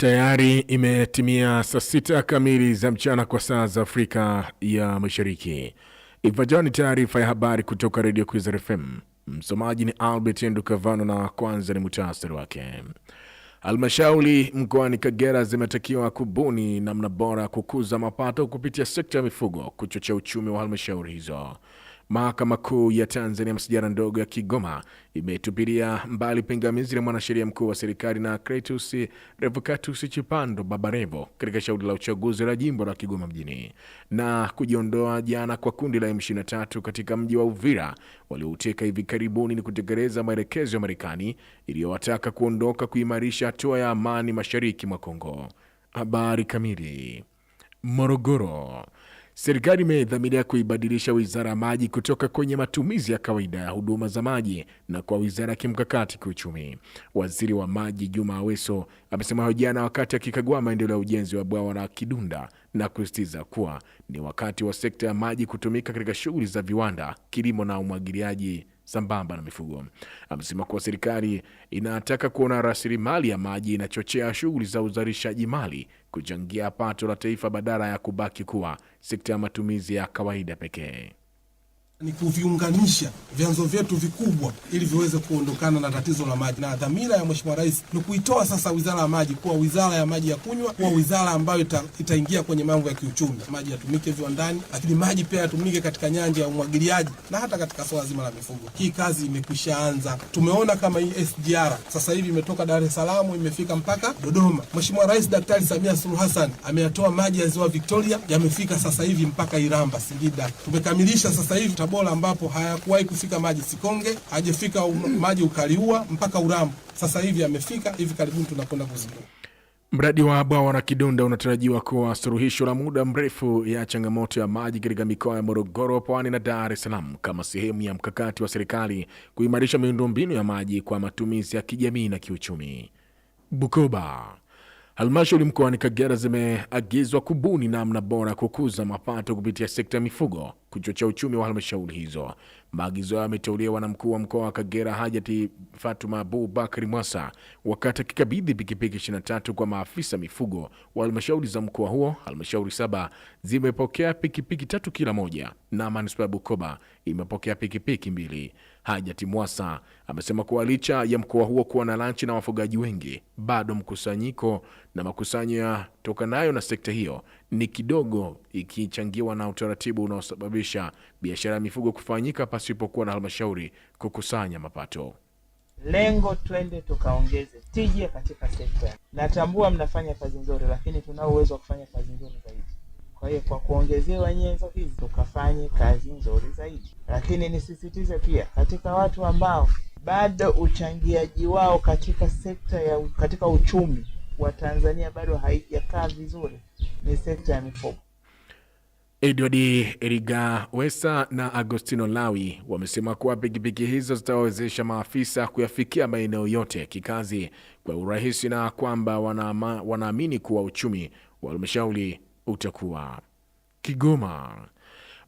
Tayari imetimia saa sita kamili za mchana kwa saa za Afrika ya Mashariki. Ifuatayo ni taarifa ya habari kutoka Redio Kwizera FM. Msomaji ni Albert Ndukavano na kwanza ni muhtasari wake. Halmashauri mkoani Kagera zimetakiwa kubuni namna bora ya kukuza mapato kupitia sekta ya mifugo, kuchochea uchumi wa halmashauri hizo. Mahakama Kuu ya Tanzania masijara ndogo ya Kigoma imetupilia mbali pingamizi la mwanasheria mkuu wa serikali na cretus Revocatus Chipando Babarevo katika shauri la uchaguzi la jimbo la Kigoma mjini na kujiondoa jana kwa kundi la M23 katika mji wa Uvira waliouteka hivi karibuni ni kutekeleza maelekezo ya Marekani iliyowataka kuondoka kuimarisha hatua ya amani mashariki mwa Kongo. Habari kamili. Morogoro Serikali imedhamiria kuibadilisha wizara ya maji kutoka kwenye matumizi ya kawaida ya huduma za maji na kwa wizara ya kimkakati kiuchumi. Waziri wa Maji Juma Aweso amesema hayo jana wakati akikagua maendeleo ya ujenzi wa bwawa la Kidunda na kusisitiza kuwa ni wakati wa sekta ya maji kutumika katika shughuli za viwanda, kilimo na umwagiliaji sambamba na mifugo. Amesema kuwa serikali inataka kuona rasilimali ya maji inachochea shughuli za uzalishaji mali, kuchangia pato la taifa badala ya kubaki kuwa sekta ya matumizi ya kawaida pekee ni kuviunganisha vyanzo vyetu vikubwa ili viweze kuondokana na tatizo la maji, na dhamira ya Mheshimiwa Rais ni kuitoa sasa wizara ya maji kuwa wizara ya maji ya kunywa, kuwa wizara ambayo ita, itaingia kwenye mambo ya kiuchumi. Maji yatumike viwandani, lakini maji pia yatumike katika nyanja ya umwagiliaji na hata katika swala zima la mifugo. Hii kazi anza tumeona kama hii SGR sasa hivi imetoka Dar es Salaam imefika mpaka Dodoma. Mheshimiwa Rais Daktari Samia Suluhu Hassan ameyatoa maji ya ziwa Victoria, yamefika sasa hivi mpaka Iramba, Singida. Tumekamilisha sasa hivi Tabora ambapo hayakuwahi kufika maji Sikonge, hajafika maji Ukaliua mpaka Urambo, sasa hivi amefika, hivi karibuni tunakwenda kuzindua. Mradi wa bwawa la Kidunda unatarajiwa kuwa suluhisho la muda mrefu ya changamoto ya maji katika mikoa ya Morogoro, Pwani na Dar es Salaam kama sehemu ya mkakati wa serikali kuimarisha miundombinu ya maji kwa matumizi ya kijamii na kiuchumi. Bukoba Halmashauri mkoani Kagera zimeagizwa kubuni namna bora kukuza mapato kupitia sekta ya mifugo kuchochea uchumi wa halmashauri hizo. Maagizo hayo yameteuliwa na mkuu wa mkoa wa Kagera Hajati Fatuma Abubakari Mwasa wakati akikabidhi pikipiki 23 kwa maafisa mifugo wa halmashauri za mkoa huo. Halmashauri saba zimepokea pikipiki tatu kila moja na manispaa ya Bukoba imepokea pikipiki mbili. Hajati Mwasa amesema kuwa licha ya mkoa huo kuwa na lanchi na wafugaji wengi, bado mkusanyiko na makusanyo yatokanayo na sekta hiyo ni kidogo, ikichangiwa na utaratibu unaosababisha biashara ya mifugo kufanyika pasipokuwa na halmashauri kukusanya mapato. Lengo twende tukaongeze tija katika sekta. Natambua mnafanya kazi nzuri, lakini tunao uwezo wa kufanya kazi nzuri zaidi. Kwa hiyo kwa kuongezewa nyenzo hizi tukafanye kazi nzuri zaidi, lakini nisisitize pia katika watu ambao bado uchangiaji wao katika sekta ya katika uchumi wa Tanzania bado haijakaa vizuri ni sekta ya mifugo. Edward Rigawesa na Agostino Lawi wamesema kuwa pikipiki hizo zitawawezesha maafisa kuyafikia maeneo yote ya kikazi kwa urahisi na kwamba wanaamini wana kuwa uchumi wa halmashauri utakuwa Kigoma.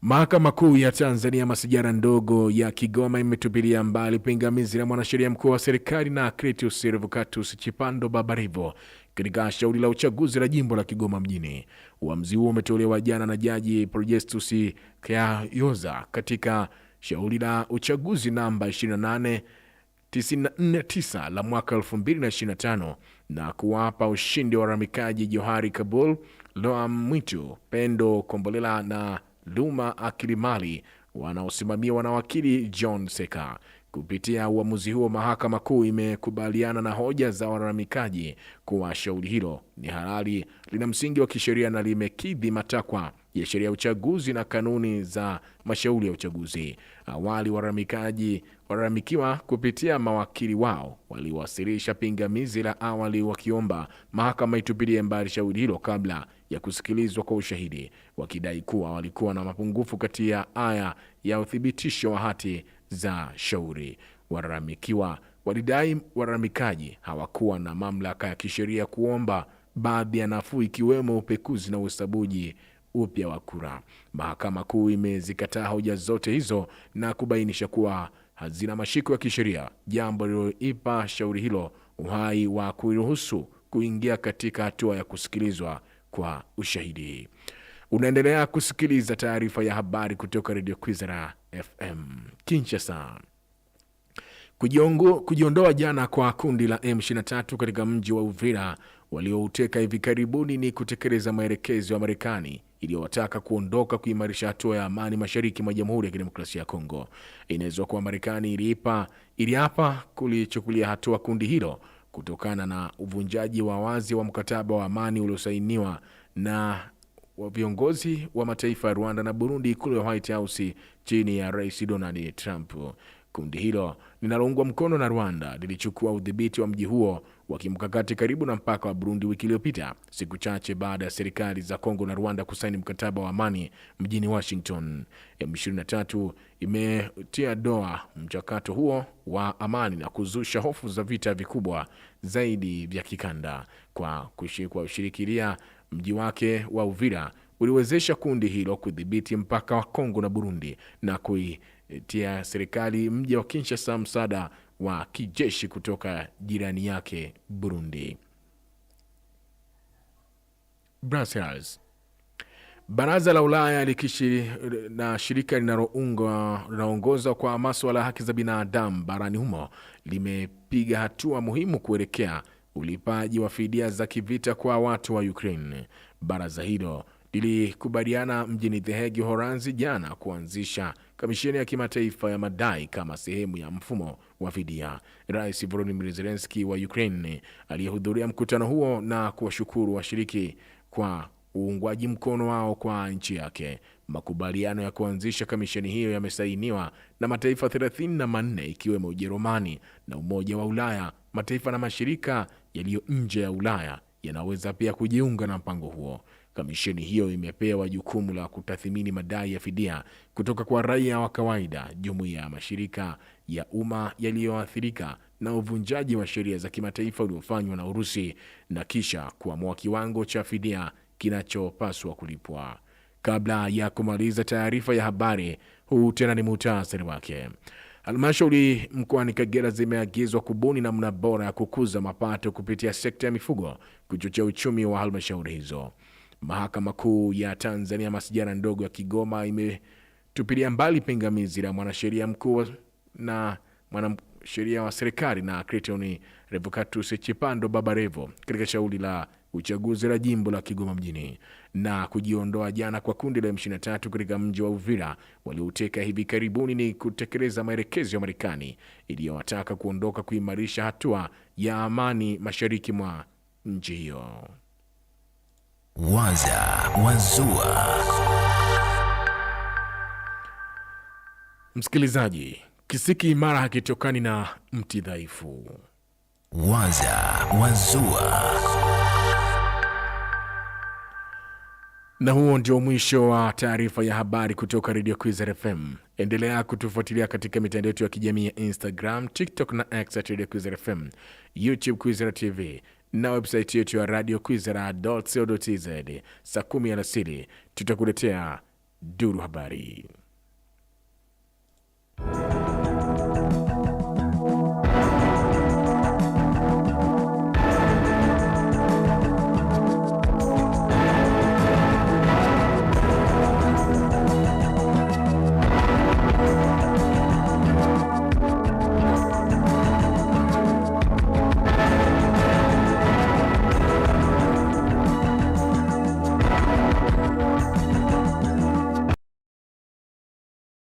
Mahakama Kuu ya Tanzania masijara ndogo ya Kigoma imetupilia mbali pingamizi la mwanasheria mkuu wa serikali na Cletus Revocatus Chipando Babarivo katika shauri la uchaguzi la jimbo la Kigoma mjini. Uamuzi huo umetolewa jana na Jaji Projestus Kayoza katika shauri la uchaguzi namba 28949 la mwaka 2025 na kuwapa ushindi wa ramikaji Johari Kabul Loa Mwitu, Pendo Kombolela na Luma Akilimali wanaosimamia wanawakili John Seka. Kupitia uamuzi huo, mahakama kuu imekubaliana na hoja za walalamikaji kuwa shauri hilo ni halali, lina msingi wa kisheria na limekidhi matakwa ya sheria ya uchaguzi na kanuni za mashauri ya uchaguzi. Awali walalamikaji walalamikiwa kupitia mawakili wao waliwasilisha pingamizi la awali wakiomba mahakama itupilie mbali shauri hilo kabla ya kusikilizwa kwa ushahidi, wakidai kuwa walikuwa na mapungufu kati ya aya ya uthibitisho wa hati za shauri. Walalamikiwa walidai walalamikaji hawakuwa na mamlaka ya kisheria kuomba baadhi ya nafuu ikiwemo upekuzi na uhesabuji upya wa kura. Mahakama Kuu imezikataa hoja zote hizo na kubainisha kuwa hazina mashiko ya kisheria, jambo lililoipa shauri hilo uhai wa kuiruhusu kuingia katika hatua ya kusikilizwa kwa ushahidi. Unaendelea kusikiliza taarifa ya habari kutoka redio Kwizera FM Kinshasa. kujiondoa jana kwa kundi la M23 katika mji wa Uvira waliouteka hivi karibuni ni kutekeleza maelekezo ya Marekani iliyowataka kuondoka kuimarisha hatua ya amani mashariki mwa Jamhuri ya Kidemokrasia ya Kongo. inawezwa kuwa Marekani iliapa kulichukulia hatua kundi hilo kutokana na uvunjaji wa wazi wa mkataba wa amani uliosainiwa na viongozi wa mataifa ya Rwanda na Burundi ikulu ya White House chini ya Rais Donald Trump. Kundi hilo linaloungwa mkono na Rwanda lilichukua udhibiti wa mji huo wa kimkakati karibu na mpaka wa Burundi wiki iliyopita, siku chache baada ya serikali za Kongo na Rwanda kusaini mkataba wa amani mjini Washington. M23 imetia doa mchakato huo wa amani na kuzusha hofu za vita vikubwa zaidi vya kikanda kwa kushirikilia mji wake wa Uvira uliwezesha kundi hilo kudhibiti mpaka wa Kongo na Burundi na kui itia serikali mji wa Kinshasa msaada wa kijeshi kutoka jirani yake Burundi. Brussels. Baraza la Ulaya likishi na shirika linaloongoza kwa maswala ya haki za binadamu barani humo limepiga hatua muhimu kuelekea ulipaji wa fidia za kivita kwa watu wa Ukraine. Baraza hilo lilikubaliana mjini The Hague, Uholanzi jana kuanzisha kamisheni ya kimataifa ya madai kama sehemu ya mfumo wa fidia. Rais Volodymyr Zelensky wa Ukraine aliyehudhuria mkutano huo na kuwashukuru washiriki kwa uungwaji mkono wao kwa nchi yake. Makubaliano ya kuanzisha kamisheni hiyo yamesainiwa na mataifa 34 ikiwemo Ujerumani na Umoja wa Ulaya. Mataifa na mashirika yaliyo nje ya Ulaya yanaweza pia kujiunga na mpango huo. Kamisheni hiyo imepewa jukumu la kutathimini madai ya fidia kutoka kwa raia wa kawaida, jumuiya ya mashirika ya umma yaliyoathirika na uvunjaji wa sheria za kimataifa uliofanywa na Urusi na kisha kuamua kiwango cha fidia kinachopaswa kulipwa. Kabla ya kumaliza taarifa ya habari, huu tena ni muhtasari wake. Halmashauri mkoani Kagera zimeagizwa kubuni namna bora ya kukuza mapato kupitia sekta ya mifugo, kuchochea uchumi wa halmashauri hizo. Mahakama Kuu ya Tanzania masijara ndogo ya Kigoma imetupilia mbali pingamizi la mwanasheria mkuu na mwanasheria wa serikali na Clayton Revocatus Chipando Revo katika shauri la uchaguzi la jimbo la Kigoma mjini na kujiondoa jana kwa kundi la M23 katika mji wa Uvira walioteka hivi karibuni ni kutekeleza maelekezo ya Marekani iliyowataka kuondoka kuimarisha hatua ya amani mashariki mwa nchi hiyo. Waza Wazua. Msikilizaji, kisiki imara hakitokani na mti dhaifu. Waza Wazua. Na huo ndio mwisho wa taarifa ya habari kutoka Radio Kwizera FM. Endelea kutufuatilia katika mitandao yetu ya kijamii ya Instagram, TikTok na X at Radio Kwizera FM, YouTube Kwizera TV na website yetu ya Radio cotz Saa kumi alasiri tutakuletea duru habari.